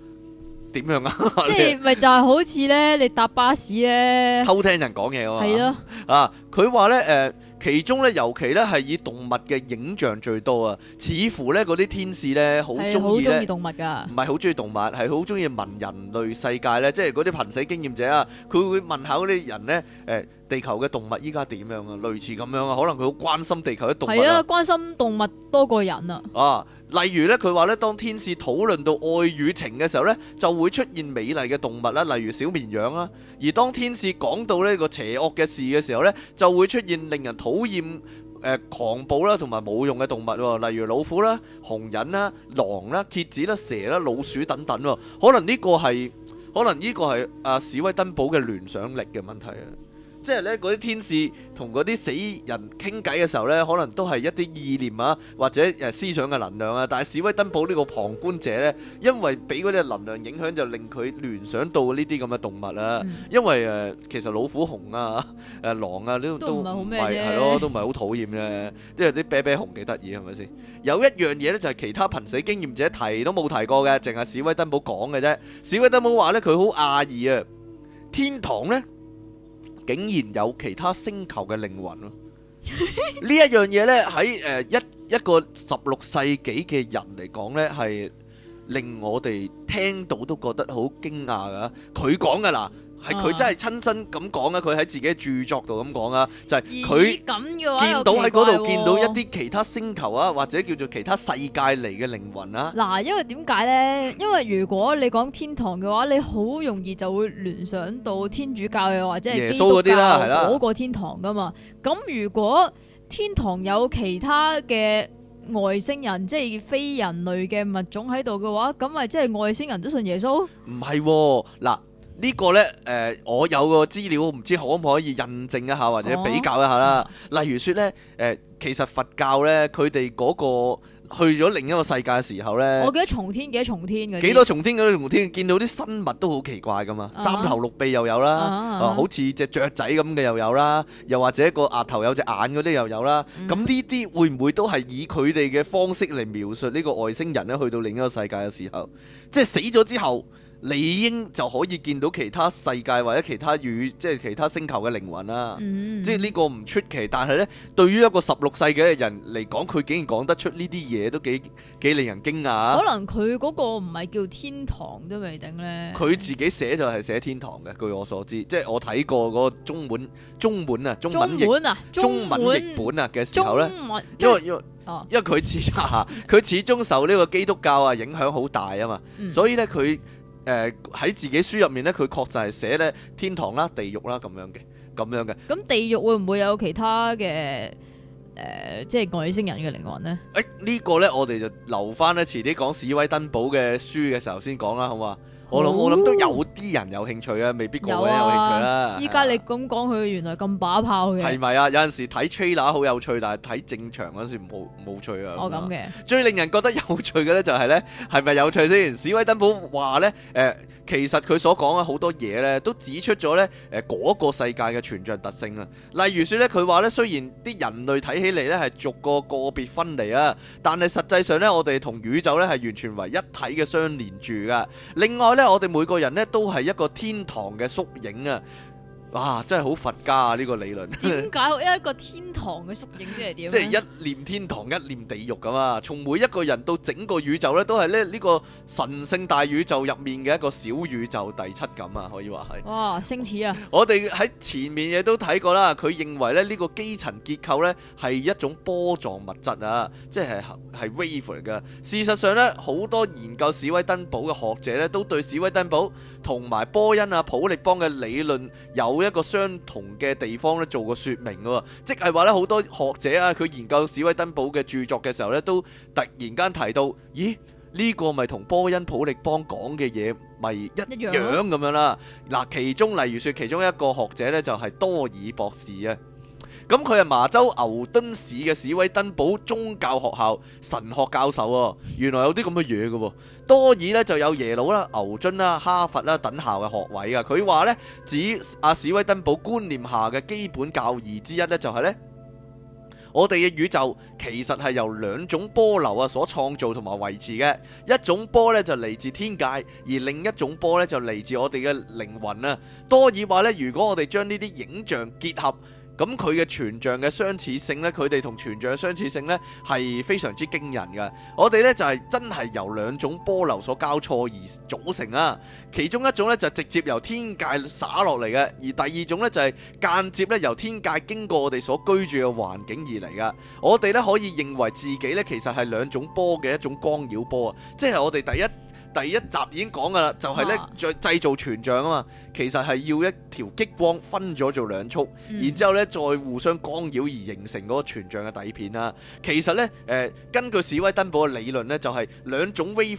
點樣啊？即係
咪就係好似咧？你搭巴士咧偷聽
人講嘢啊嘛？係咯啊！佢話咧誒。其中咧，尤其咧係以動物嘅影像最多啊！似乎咧嗰啲天使咧，好中意動物咧，唔係好中意動物，係好中意問人類世界咧，即係嗰啲瀕死經驗者啊，佢會問下嗰啲人咧，誒、欸、地球嘅動物依家點樣啊？類似咁樣啊，可能佢好關心地球嘅動物。係啊，
關心動物多過人啊。
啊！例如咧，佢話咧，當天使討論到愛與情嘅時候咧，就會出現美麗嘅動物啦，例如小綿羊啦；而當天使講到呢個邪惡嘅事嘅時候咧，就會出現令人討厭、誒狂暴啦同埋冇用嘅動物喎，例如老虎啦、紅人啦、狼啦、蠍子啦、蛇啦、老鼠等等喎。可能呢個係，可能呢個係啊史威登堡嘅聯想力嘅問題啊。即係咧，嗰啲天使同嗰啲死人傾偈嘅時候咧，可能都係一啲意念啊，或者誒思想嘅能量啊。但係史威登堡呢個旁觀者咧，因為俾嗰啲能量影響，就令佢聯想到呢啲咁嘅動物啊。因為誒、呃，其實老虎熊啊，誒、呃、狼啊，呢度都唔係好咩嘅，係咯、哦，都唔係好討厭嘅。因為啲啤啤熊幾得意，係咪先？有一樣嘢咧，就係其他瀕死經驗者提都冇提過嘅，淨係史威登堡講嘅啫。史威登堡話咧，佢好訝異啊，天堂咧。竟然有其他星球嘅靈魂咯！呢一樣嘢呢，喺誒一一個十六世紀嘅人嚟講，呢係令我哋聽到都覺得好驚訝噶。佢講噶啦。係佢真係親身咁講啊！佢喺自己嘅著作度咁講啊，就係、是、
佢見到喺嗰度見到一
啲其他星球啊，或者叫做其他世界嚟嘅靈魂啦、啊。
嗱，因為點解咧？因為如果你講天堂嘅話，你好容易就會聯想到天主教嘅，或者係耶穌嗰啲啦，係啦。嗰個天堂噶嘛？咁如果天堂有其他嘅外星人，即係非人類嘅物種喺度嘅話，咁咪即係外星人都信耶穌？
唔係、啊，嗱。呢個呢，誒、呃，我有個資料，唔知可唔可以印證一下或者比較一下啦。哦、例如說呢，誒、呃，其實佛教呢，佢哋嗰個去咗另一個世界嘅時候呢，我記得重
天，記得重天幾多重天嘅？幾多重
天嗰啲重天，見到啲生物都好奇怪噶嘛，啊啊三頭六臂又有啦，啊啊啊啊啊、好似隻雀仔咁嘅又有啦，又或者一個額頭有隻眼嗰啲又有啦。咁呢啲會唔會都係以佢哋嘅方式嚟描述呢個外星人呢？去到另一個世界嘅時候，即係死咗之後。理應就可以見到其他世界或者其他與即係其他星球嘅靈魂啦、啊，嗯、即係呢個唔出奇。但係呢對於一個十六世紀嘅人嚟講，佢竟然講得出呢啲嘢，都幾幾令人驚訝、啊。可
能佢嗰個唔係叫天堂都未定呢，佢
自己寫就係寫天堂嘅。據我所知，即係我睇過嗰個中文、中文、啊，中文譯本啊嘅時候咧，因為、哦、因
為哦，因為
佢始終佢始終受呢個基督教啊影響好大啊嘛，嗯、所以呢，佢。誒喺、呃、自己書入面咧，佢確實係寫咧天堂啦、地獄啦咁樣嘅，咁樣嘅。
咁、嗯、地獄會唔會有其他嘅誒、呃，即係外星人嘅靈魂呢？誒呢、
欸呢個呢，我哋就留翻咧，遲啲講史威登堡嘅書嘅時候先講啦，好嘛？我諗我諗都有啲人有興趣啊，未必個個有興趣啦。依家、
啊、吧你咁講，佢原來咁把炮嘅。係
咪啊？有陣時睇 trailer 好有趣，但係睇正常嗰時冇冇趣啊。我咁嘅。最令人覺得有趣嘅咧、就係，就係咧，係咪有趣先？史威登堡話咧，誒、呃，其實佢所講嘅好多嘢咧，都指出咗咧，誒、呃，嗰、嗰個世界嘅存在特性啊。例如說咧，佢話咧，雖然啲人類睇起嚟咧係逐個個別分離啊，但係實際上咧，我哋同宇宙咧係完全為一體嘅相連住㗎。另外咧。我哋每個人咧都係一個天堂嘅縮影啊！哇！真係好佛家啊呢個理論，點
解一一個天堂嘅縮影即係點？即係一
念天堂，一念地獄咁啊！從每一個人到整個宇宙咧，都係咧呢個神聖大宇宙入面嘅一個小宇宙第七感啊，可以話係。
哇！星矢啊！
我哋喺前面亦都睇過啦。佢認為咧呢個基層結構咧係一種波狀物質啊，即係係 wave 嚟㗎。事實上咧，好多研究史威登堡嘅學者咧都對史威登堡同埋波恩啊普力邦嘅理論有一個相同嘅地方咧，做個說明嘅，即係話咧，好多學者啊，佢研究史威登堡嘅著作嘅時候咧，都突然間提到，咦？呢個咪同波恩普力邦講嘅嘢咪一樣咁樣啦？嗱，其中例如說，其中一個學者咧就係多爾博士啊。咁佢係麻州牛頓市嘅史威登堡宗教學校神學教授啊，原來有啲咁嘅嘢嘅。多爾呢就有耶魯啦、牛津啦、哈佛啦等校嘅學位啊。佢話呢，指阿史威登堡觀念下嘅基本教義之一呢，就係呢：我哋嘅宇宙其實係由兩種波流啊所創造同埋維持嘅，一種波呢就嚟自天界，而另一種波呢就嚟自我哋嘅靈魂啊。多爾話呢，如果我哋將呢啲影像結合。咁佢嘅全像嘅相似性呢，佢哋同全像嘅相似性呢，係非常之驚人嘅。我哋呢，就係真係由兩種波流所交錯而組成啊。其中一種呢，就直接由天界灑落嚟嘅，而第二種呢，就係間接咧由天界經過我哋所居住嘅環境而嚟噶。我哋呢，可以認為自己呢，其實係兩種波嘅一種光擾波啊，即係我哋第一。第一集已經講㗎啦，就係咧製製造全像啊嘛，其實係要一條激光分咗做兩束，嗯、然之後咧再互相干擾而形成嗰個全像嘅底片啦、啊。其實咧誒、呃，根據史威登堡嘅理論咧，就係、是、兩種 wave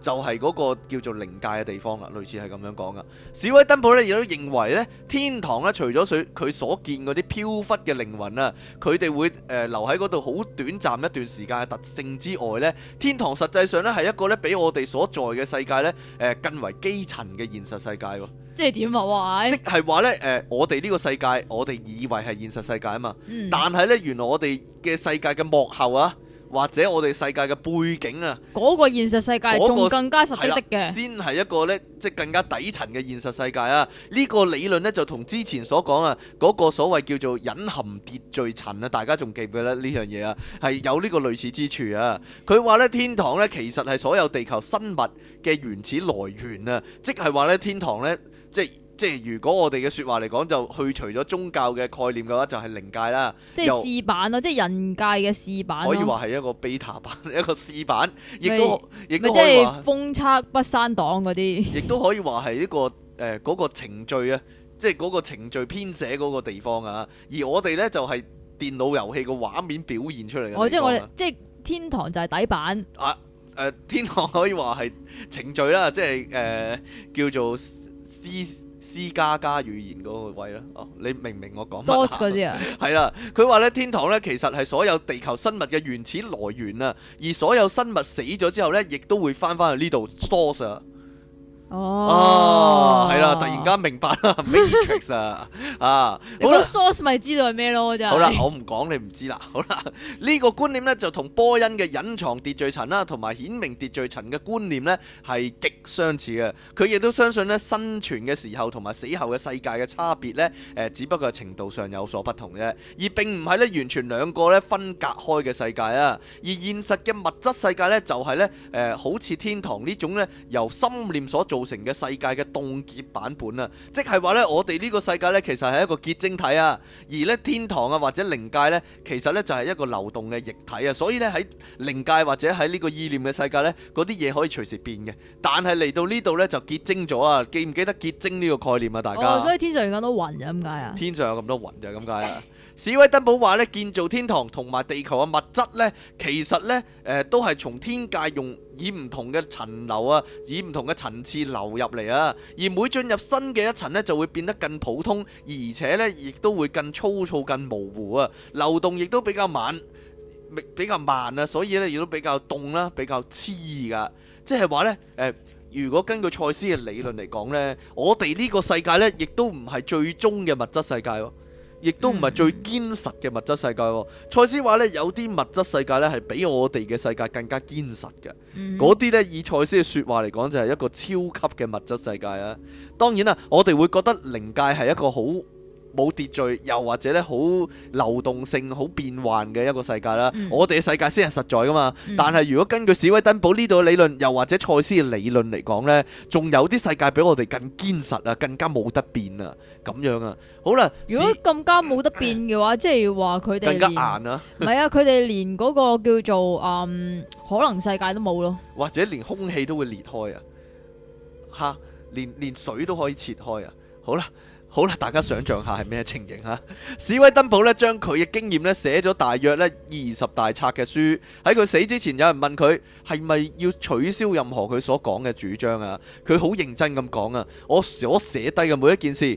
就係嗰個叫做靈界嘅地方啦，類似係咁樣講噶。史威登堡咧亦都認為咧，天堂咧除咗佢佢所見嗰啲飄忽嘅靈魂啊，佢哋會誒、呃、留喺嗰度好短暫一段時間嘅特性之外咧，天堂實際上咧係一個咧比我哋所在嘅世界咧誒、呃、更為基層嘅現實世界喎。
即係點啊？即
係話咧誒，我哋呢個世界，我哋以為係現實世界啊嘛，嗯、但係咧原來我哋嘅世界嘅幕後啊。或者我哋世界嘅背景啊，
嗰個現實世界仲更加實質嘅、那個，先
係一個咧，即係更加底層嘅現實世界啊！呢、呢個理論咧就同之前所講啊，嗰個所謂叫做隱含秩序層啊，大家仲記唔記得呢樣嘢啊？係有呢個類似之處啊！佢話咧天堂咧其實係所有地球生物嘅原始來源啊，即係話咧天堂咧即係。即係如果我哋嘅説話嚟講，就去除咗宗教嘅概念嘅話，就係靈界啦。即係試
版啊！由 即係人界嘅試版，可以話係
一個 beta 版，一個試版，亦都亦即係
封測不刪檔嗰啲。
亦未都可以話係一個誒嗰、呃那個程序啊，即係嗰個程序編寫嗰個地方啊。而我哋咧就係電腦遊戲個畫面表現出嚟，啊。哦，即係我哋
即係天堂就係底板
啊！誒、呃，天堂可以話係程序啦，即係誒、呃、叫做 C。私加加語言嗰個位咯，哦，你明唔明我講 Source 嗰啲啊？係啦， [laughs] 佢話咧，天堂咧其實係所有地球生物嘅原始來源啊，而所有生物死咗之後咧，亦都會翻返去呢度 source 啊。Oh, 哦，係啦，突然間明白啦 [laughs] Matrix 啊，啊，好啦 [laughs]
，source 咪知道係咩咯，好啦，我
唔講你唔知啦，好啦，呢個觀念呢，就同波恩嘅隱藏秩序層啦，同埋顯明秩序層嘅觀念呢，係極相似嘅，佢亦都相信呢，生存嘅時候同埋死後嘅世界嘅差別呢，誒，只不過程度上有所不同啫，而並唔係呢完全兩個呢分隔開嘅世界啊，而現實嘅物質世界呢，就係呢，誒，好似天堂呢種呢，由心念所造。造成嘅世界嘅凍結版本啊，即係話咧，我哋呢個世界咧，其實係一個結晶體啊，而咧天堂啊或者靈界咧，其實咧就係一個流動嘅液體啊，所以咧喺靈界或者喺呢個意念嘅世界咧，嗰啲嘢可以隨時變嘅，但係嚟到呢度咧就結晶咗啊，記唔記得結晶呢個概念啊，大家？哦，所以
天上有咁多雲就咁解啊，
天上有咁多雲就咁解啊。 [laughs] 史威登堡話咧，建造天堂同埋地球嘅物質咧，其實咧，誒都係從天界用以唔同嘅層流啊，以唔同嘅層次流入嚟啊。而每進入新嘅一層咧，就會變得更普通，而且咧亦都會更粗糙、更模糊啊。流動亦都比較慢，比較慢啊，所以咧亦都比較凍啦，比較黐㗎。即係話咧，誒、呃，如果根據賽斯嘅理論嚟講咧，我哋呢個世界咧，亦都唔係最終嘅物質世界喎。亦都唔係最堅實嘅物質世界喎，啊，蔡司話呢，有啲物質世界呢係比我哋嘅世界更加堅實嘅，嗰啲呢，以蔡司嘅説話嚟講就係、是、一個超級嘅物質世界啊！當然啦、啊，我哋會覺得靈界係一個好冇秩序，又或者咧，好流動性，好變幻嘅一個世界啦。嗯、我哋嘅世界先係實在噶嘛。嗯、但係如果根據史威登堡呢度嘅理論，又或者賽斯嘅理論嚟講呢，仲有啲世界比我哋更堅實啊，更加冇得變啊，咁樣啊。好啦，如果
更加冇得變嘅話，嗯、即係話佢哋更加硬啊。唔 [laughs] 係啊，佢哋連嗰個叫做嗯可能世界都冇咯。
或者連空氣都會裂開啊，吓，連連水都可以切開啊。好啦。好啦，大家想象下係咩情形哈？史威登堡咧，將佢嘅經驗咧，寫咗大約咧二十大冊嘅書。喺佢死之前，有人問佢係咪要取消任何佢所講嘅主張啊？佢好認真咁講啊，我所寫低嘅每一件事。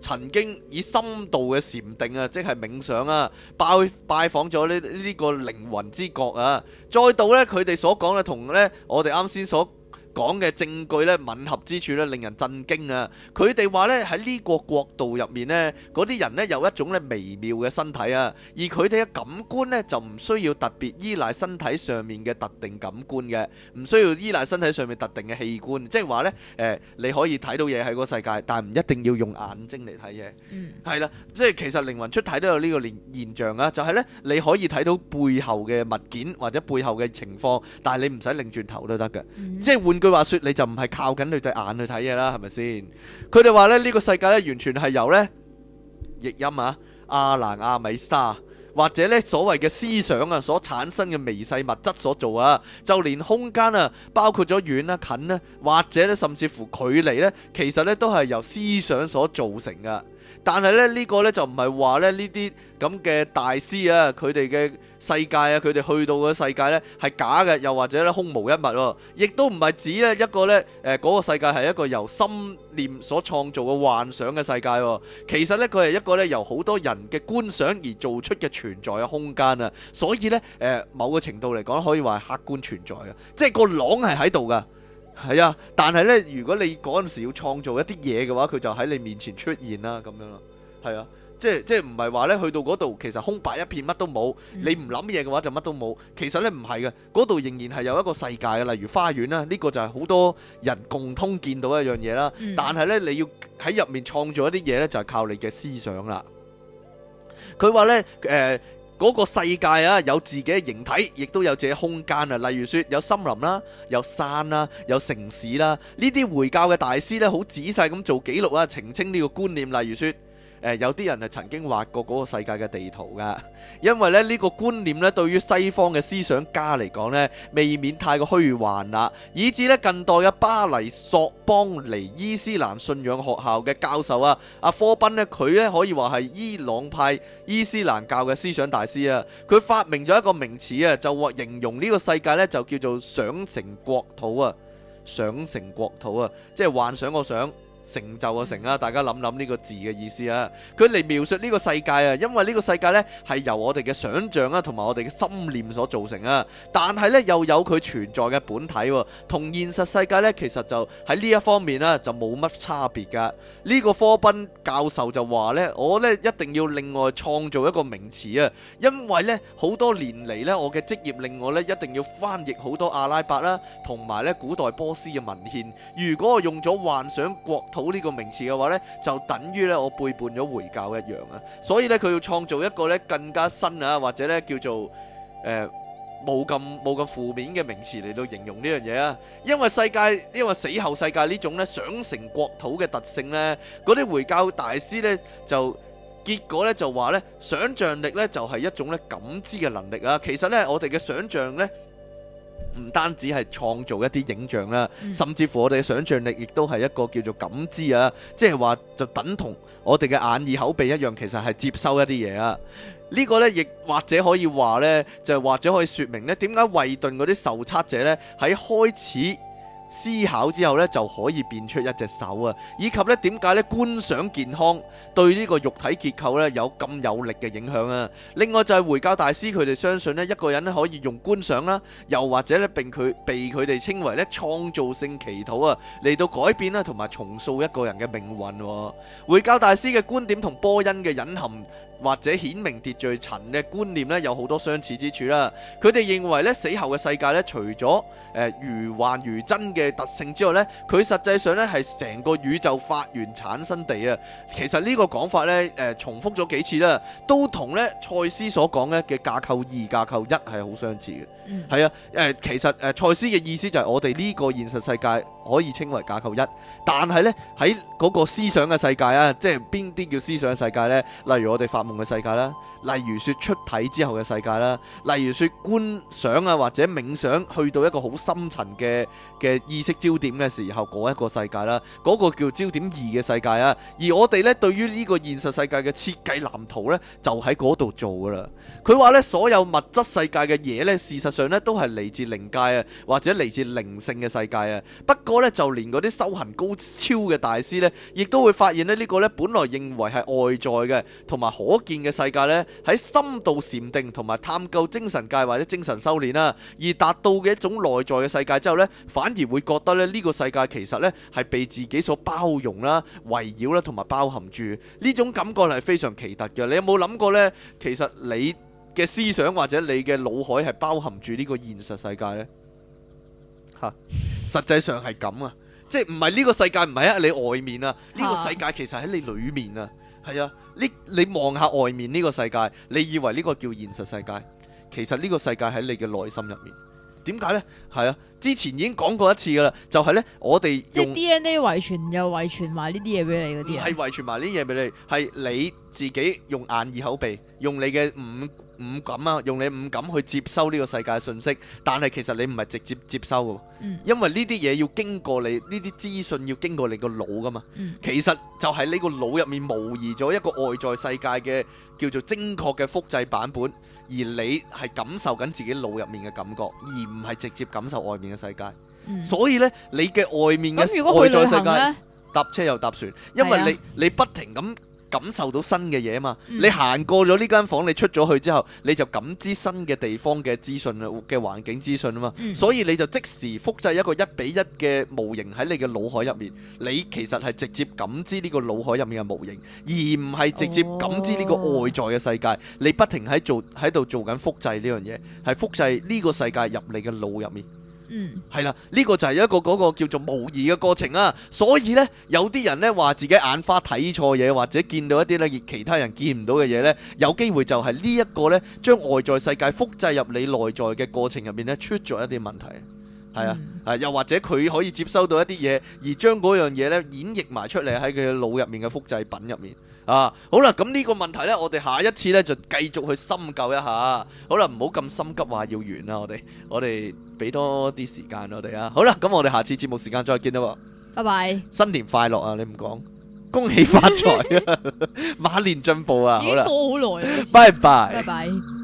曾經以深度嘅禪定啊，即係冥想啊，拜拜訪咗呢呢個靈魂之國啊，再到呢，佢哋所講嘅同呢，我哋啱先所講嘅證據咧吻合之處咧令人震驚啊！佢哋話咧喺呢個國度入面咧，嗰啲人咧有一種咧微妙嘅身體啊，而佢哋嘅感官咧就唔需要特別依賴身體上面嘅特定感官嘅，唔需要依賴身體上面特定嘅器官，即係話咧誒，你可以睇到嘢喺個世界，但係唔一定要用眼睛嚟睇嘢。嗯，係啦，即係其實靈魂出體都有呢個現現象啊，就係咧你可以睇到背後嘅物件或者背後嘅情況，但係你唔使擰轉頭都得嘅，即係換句。佢話說你就唔係靠緊你對眼去睇嘢啦，係咪先？佢哋話咧呢、這個世界咧完全係由呢——譯音啊、阿蘭、阿米沙或者呢所謂嘅思想啊所產生嘅微細物質所做啊，就連空間啊，包括咗遠啦、近啦、啊，或者呢甚至乎距離呢，其實呢都係由思想所造成噶。但係咧，呢個呢，這個、就唔係話咧呢啲咁嘅大師啊，佢哋嘅世界啊，佢哋去到嘅世界呢，係假嘅，又或者咧空無一物喎、啊，亦都唔係指呢一個呢，誒、呃、嗰、那個世界係一個由心念所創造嘅幻想嘅世界喎、啊，其實呢，佢係一個呢，由好多人嘅觀想而做出嘅存在嘅空間啊，所以呢，誒、呃、某個程度嚟講可以話係客觀存在嘅，即係個廊係喺度㗎。係啊，但係咧，如果你嗰陣時要創造一啲嘢嘅話，佢就喺你面前出現啦，咁樣咯，係啊，即係即係唔係話咧去到嗰度，其實空白一片，乜都冇，你唔諗嘢嘅話就乜都冇。其實咧唔係嘅，嗰度仍然係有一個世界嘅，例如花園啦，呢個就係好多人共通見到一樣嘢啦。嗯、但係咧，你要喺入面創造一啲嘢咧，就係靠你嘅思想啦。佢話咧，誒、呃。嗰個世界啊，有自己嘅形體，亦都有自己空間啊。例如說，有森林啦，有山啦，有城市啦。呢啲回教嘅大師呢，好仔細咁做記錄啊，澄清呢個觀念。例如說。誒、呃、有啲人係曾經畫過嗰個世界嘅地圖噶，因為咧呢、呢個觀念咧對於西方嘅思想家嚟講咧，未免太過虛幻啦，以至咧近代嘅巴黎索邦尼伊斯蘭信仰學校嘅教授啊，阿、啊、科賓咧佢咧可以話係伊朗派伊斯蘭教嘅思想大師啊，佢發明咗一個名詞啊，就話形容呢個世界呢，就叫做想成國土啊，想成國土啊，即係幻想個想。成就啊成啊！大家諗諗呢個字嘅意思啊！佢嚟描述呢個世界啊，因為呢個世界咧係由我哋嘅想象啊，同埋我哋嘅心念所造成啊。但係咧又有佢存在嘅本體，同現實世界咧其實就喺呢一方面啊就冇乜差別噶。呢個科賓教授就話咧，我咧一定要另外創造一個名詞啊，因為咧好多年嚟咧我嘅職業令我咧一定要翻譯好多阿拉伯啦，同埋咧古代波斯嘅文獻。如果我用咗幻想國，土呢個名詞嘅話咧，就等於咧我背叛咗回教一樣啊！所以咧，佢要創造一個咧更加新啊，或者咧叫做誒冇咁冇咁負面嘅名詞嚟到形容呢樣嘢啊！因為世界，因為死後世界呢種咧想成國土嘅特性咧，嗰啲回教大師咧就結果咧就話咧，想像力咧就係一種咧感知嘅能力啊！其實咧，我哋嘅想像咧。唔單止係創造一啲影像啦，甚至乎我哋嘅想象力亦都係一個叫做感知啊，即係話就等同我哋嘅眼耳口鼻一樣，其實係接收一啲嘢啊。呢、呢個呢，亦或者可以話呢，就是、或者可以説明呢點解惠頓嗰啲受測者呢，喺開始。思考之後咧，就可以變出一隻手啊！以及咧，點解咧觀想健康對呢個肉體結構咧有咁有力嘅影響啊？另外就係回教大師佢哋相信咧，一個人咧可以用觀想啦，又或者咧並佢被佢哋稱為咧創造性祈禱啊，嚟到改變啦同埋重塑一個人嘅命運。回教大師嘅觀點同波恩嘅隱含。或者顯明秩序層嘅觀念咧，有好多相似之處啦。佢哋認為咧，死後嘅世界咧，除咗誒如幻如真嘅特性之外咧，佢實際上咧係成個宇宙發源產生地啊。其實個呢個講法咧，誒、呃、重複咗幾次啦，都同咧賽斯所講咧嘅架構二架構一係好相似嘅。嗯，係啊，誒、呃、其實誒賽、呃、斯嘅意思就係我哋呢個現實世界。可以稱為架構一，但係呢喺嗰個思想嘅世界啊，即係邊啲叫思想嘅世界呢？例如我哋發夢嘅世界啦，例如說出體之後嘅世界啦，例如說觀想啊或者冥想去到一個好深層嘅嘅意識焦點嘅時候，嗰一個世界啦，嗰個叫焦點二嘅世界啊。而我哋呢，對於呢個現實世界嘅設計藍圖呢，就喺嗰度做㗎喇。佢話呢，所有物質世界嘅嘢呢，事實上呢都係嚟自靈界啊，或者嚟自靈性嘅世界啊。不過呢，就連嗰啲修行高超嘅大師呢，亦都會發現呢，呢個呢本來認為係外在嘅同埋可見嘅世界呢，喺深度禪定同埋探究精神界或者精神修煉啊，而達到嘅一種內在嘅世界之後呢，反反而會覺得咧，呢個世界其實咧係被自己所包容啦、圍繞啦，同埋包含住呢種感覺係非常奇特嘅。你有冇諗過呢？其實你嘅思想或者你嘅腦海係包含住呢個現實世界呢？吓，實際上係咁啊，即係唔係呢個世界唔係啊，喺你外面啊，啊，呢個世界其實喺你裏面啊，係啊，你望下外面呢個世界，你以為呢個叫現實世界？其實呢個世界喺你嘅內心入面。點解呢？係啊，之前已經講過一次噶啦，就係呢，我哋即係
DNA 遺傳又遺傳埋呢啲嘢俾你嗰啲人，係
遺傳埋呢啲嘢俾你，係你自己用眼耳口鼻用你嘅五五感啊，用你五、五感，用你五感去接收呢個世界信息，但係其實你唔係直接接收嘅，嗯、因為呢啲嘢要經過你，呢啲資訊要經過你個腦噶嘛。嗯、其實就係你個腦入面模擬咗一個外在世界嘅叫做精確嘅複製版本。而你係感受緊自己腦入面嘅感覺，而唔係直接感受外面嘅世界。嗯、所以呢，你嘅外面嘅外在世界，搭車又搭船，因為你、啊、你不停咁。感受到新嘅嘢啊嘛，你行過咗呢間房，你出咗去之後，你就感知新嘅地方嘅資訊啊，嘅環境資訊啊嘛，所以你就即時複製一個一比一嘅模型喺你嘅腦海入面。你其實係直接感知呢個腦海入面嘅模型，而唔係直接感知呢個外在嘅世界。你不停喺做喺度做緊複製呢樣嘢，係複製呢個世界入你嘅腦入面。嗯，係啦，呢個就係一個嗰個叫做模擬嘅過程啊，所以呢，有啲人呢話自己眼花睇錯嘢，或者見到一啲呢其他人見唔到嘅嘢呢，有機會就係呢一個呢將外在世界複製入你內在嘅過程入面呢出咗一啲問題，係啊，嗯、又或者佢可以接收到一啲嘢，而將嗰樣嘢呢演繹埋出嚟喺佢腦入面嘅複製品入面。啊，好啦，咁呢個問題呢，我哋下一次呢就繼續去深究一下。好啦，唔好咁心急話要完啦，我哋我哋俾多啲時間我哋啊。好啦，咁我哋下次節目時間再見啦。拜拜，新年快樂啊！你唔講，
恭喜發財
啊，馬年進步啊。已經過好耐啦。好啦，拜拜。